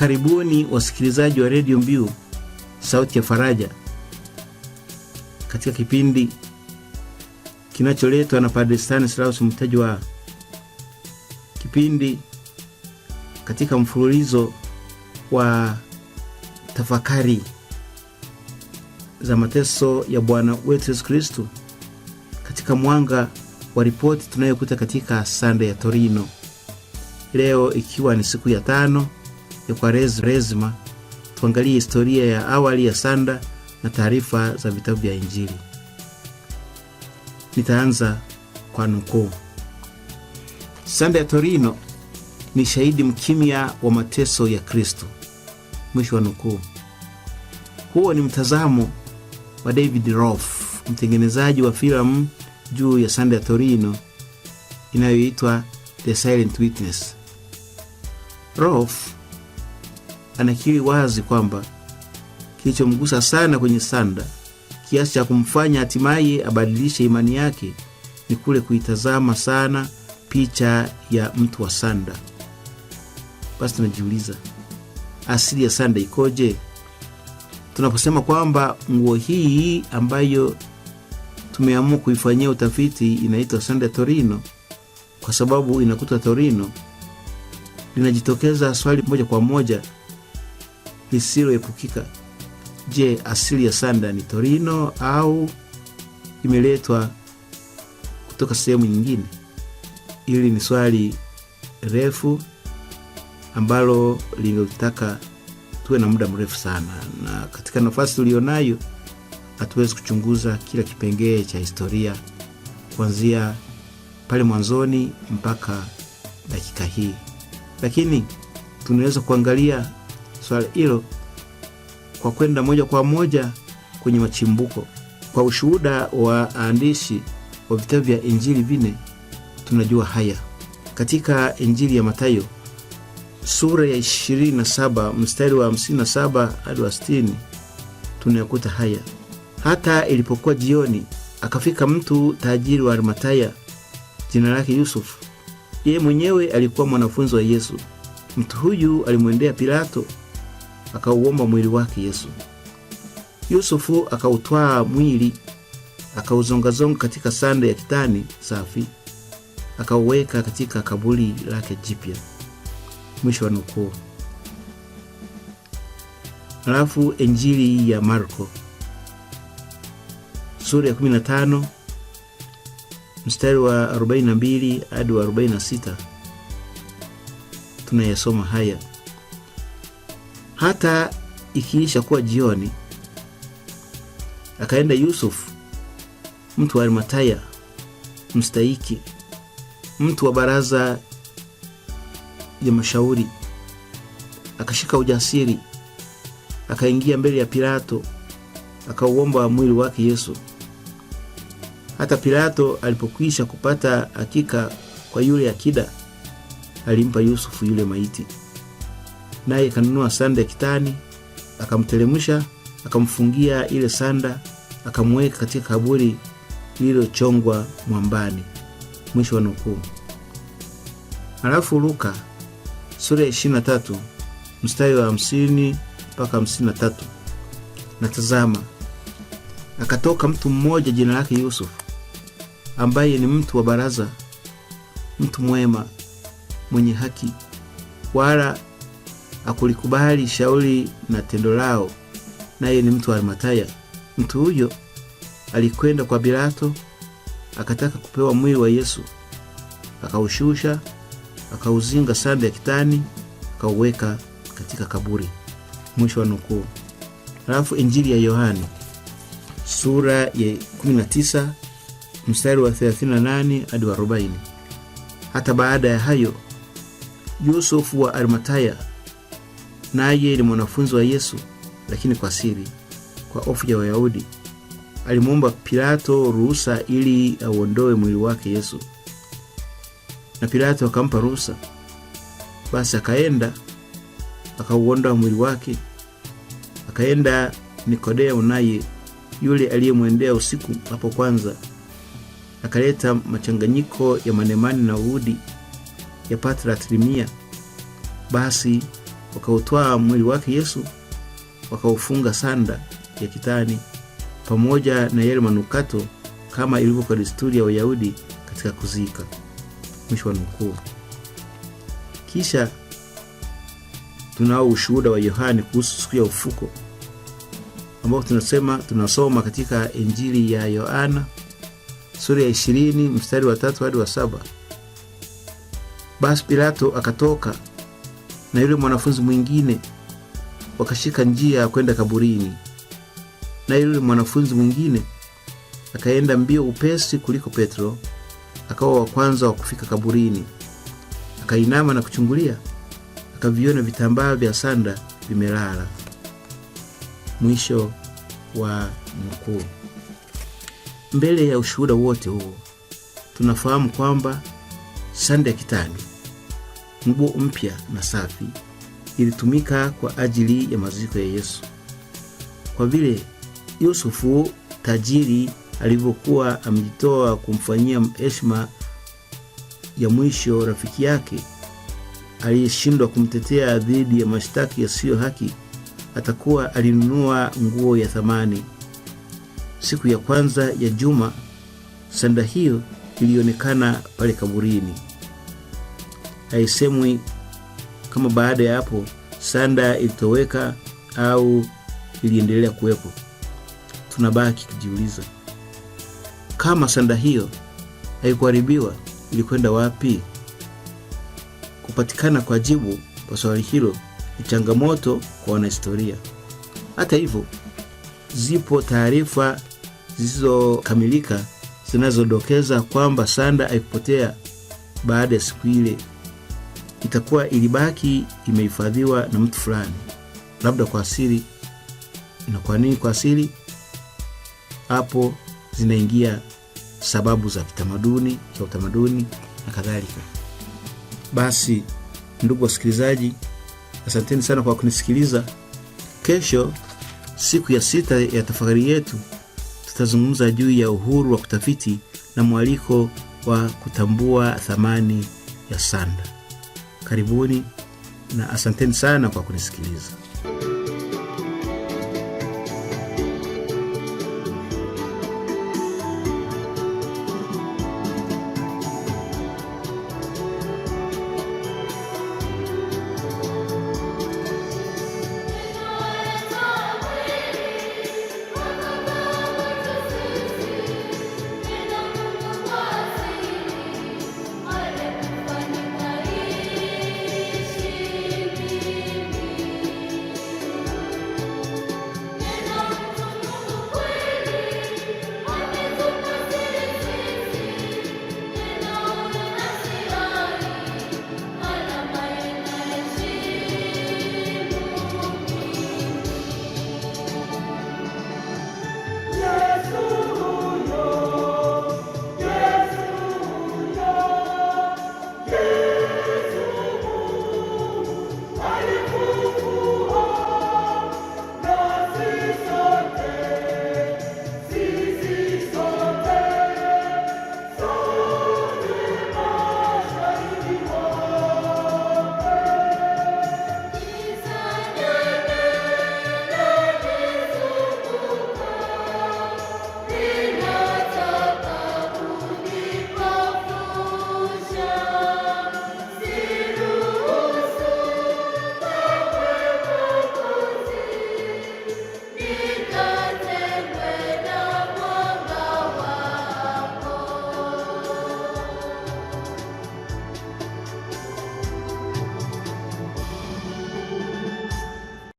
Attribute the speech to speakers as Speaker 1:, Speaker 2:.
Speaker 1: Karibuni wasikilizaji wa redio Mbiu sauti ya faraja, katika kipindi kinacholetwa na Padre Stanislaus wa kipindi katika mfululizo wa tafakari za mateso ya Bwana wetu Yesu Kristu katika mwanga wa ripoti tunayokuta katika Sande ya Torino, leo ikiwa ni siku ya tano ya Kwaresma, tuangalie historia ya awali ya sanda na taarifa za vitabu vya Injili. Nitaanza kwa nukuu. Sanda ya Torino ni shahidi mkimya wa mateso ya Kristo, mwisho wa nukuu. Huo ni mtazamo wa David rof mtengenezaji wa filamu juu ya sanda ya Torino inayoitwa The Silent Witness. Rolf anakiri wazi kwamba kilichomgusa sana kwenye sanda kiasi cha kumfanya hatimaye abadilishe imani yake ni kule kuitazama sana picha ya mtu wa sanda. Basi tunajiuliza asili ya sanda ikoje? Tunaposema kwamba nguo hii ambayo tumeamua kuifanyia utafiti inaitwa sanda ya Torino kwa sababu inakutwa Torino, linajitokeza swali moja kwa moja lisiloepukika. Je, asili ya sanda ni Torino au imeletwa kutoka sehemu nyingine? Hili ni swali refu ambalo lingetaka tuwe na muda mrefu sana, na katika nafasi tulionayo hatuwezi kuchunguza kila kipengee cha historia kuanzia pale mwanzoni mpaka dakika hii, lakini tunaweza kuangalia swala hilo kwa kwenda moja kwa moja kwenye machimbuko. Kwa ushuhuda wa andishi wa vitabu vya Injili vine tunajua haya. Katika Injili ya matayo sura ya 27 mstari wa 57 hadi wa 60 tunayakuta haya: hata ilipokuwa jioni, akafika mtu tajiri wa Arimataya jina lake Yusufu, yeye mwenyewe alikuwa mwanafunzi wa Yesu. Mtu huyu alimwendea Pilato akauomba mwili wake Yesu. Yusufu akautwaa mwili akauzongazonga katika sanda ya kitani safi, akauweka katika kaburi lake jipya. Mwisho wa nukuu. Alafu Injili ya Marko sura ya 15 mstari wa 42 hadi wa 46 tunayasoma haya. Hata ikiisha kuwa jioni, akaenda Yusufu mtu wa Arimataya mstahiki, mtu wa baraza ya mashauri, akashika ujasiri, akaingia mbele ya Pilato, akauomba mwili wake Yesu. Hata Pilato alipokwisha kupata hakika kwa yule akida, alimpa Yusufu yule maiti naye akanunua sanda ya kitani, akamteremsha, akamfungia ile sanda, akamweka katika kaburi lililochongwa mwambani. Mwisho wa nukuu. Halafu Luka sura ya 23 mstari wa 50 mpaka 53, na tazama, akatoka mtu mmoja jina lake Yusufu, ambaye ni mtu wa baraza, mtu mwema, mwenye haki, wala akulikubali shauri na tendo lao, naye ni mtu wa Arimataya. Mtu huyo alikwenda kwa bilato akataka kupewa mwili wa Yesu, akaushusha, akauzinga sanda ya kitani, akauweka katika kaburi. Mwisho wa nukuu. Alafu Injili ya Yohani sura ya 19 mstari wa 38 hadi 40. Hata baada ya hayo Yusufu wa Arimataya naye ni mwanafunzi wa Yesu, lakini kwa siri, kwa hofu ya Wayahudi. Alimwomba Pilato ruhusa ili auondoe mwili wake Yesu, na Pilato akampa ruhusa. Basi akaenda akauondoa mwili wake, akaenda Nikodemo, naye yule aliyemwendea usiku hapo kwanza, akaleta machanganyiko ya manemani na udi ya asilimia. Basi wakautwaa mwili wake Yesu wakaufunga sanda ya kitani pamoja na yale manukato kama ilivyo kwa desturi ya Wayahudi katika kuzika. Mwisho wa nukuu. Kisha tunao ushuhuda wa Yohane kuhusu siku ya ufuko ambao tunasema tunasoma katika Injili ya Yohana sura ya ishirini mstari wa tatu hadi wa saba. Basi Pilato akatoka na yule mwanafunzi mwingine wakashika njia ya kwenda kaburini, na yule mwanafunzi mwingine akaenda mbio upesi kuliko Petro, akawa wa kwanza wa kufika kaburini. Akainama na kuchungulia, akaviona vitambaa vya sanda vimelala. Mwisho wa mkuu Mbele ya ushuhuda wote huo, tunafahamu kwamba sanda ya kitani nguo mpya na safi ilitumika kwa ajili ya maziko ya Yesu. Kwa vile Yusufu tajiri alivyokuwa amejitoa kumfanyia heshima ya mwisho rafiki yake aliyeshindwa kumtetea dhidi ya mashtaki yasiyo haki, atakuwa alinunua nguo ya thamani. Siku ya kwanza ya juma, sanda hiyo ilionekana pale kaburini haisemwi kama baada ya hapo sanda ilitoweka au iliendelea kuwepo. Tunabaki kujiuliza kama sanda hiyo haikuharibiwa ilikwenda wapi? Kupatikana kwa jibu kwa swali hilo ni changamoto kwa wanahistoria. Hata hivyo, zipo taarifa zisizokamilika zinazodokeza kwamba sanda haikupotea baada ya siku ile itakuwa ilibaki imehifadhiwa na mtu fulani, labda kwa siri. Na kwa nini kwa siri? Hapo zinaingia sababu za kitamaduni za utamaduni na kadhalika. Basi ndugu wasikilizaji, asanteni sana kwa kunisikiliza. Kesho siku ya sita ya tafakari yetu tutazungumza juu ya uhuru wa kutafiti na mwaliko wa kutambua thamani ya sanda karibuni na asanteni sana kwa kunisikiliza.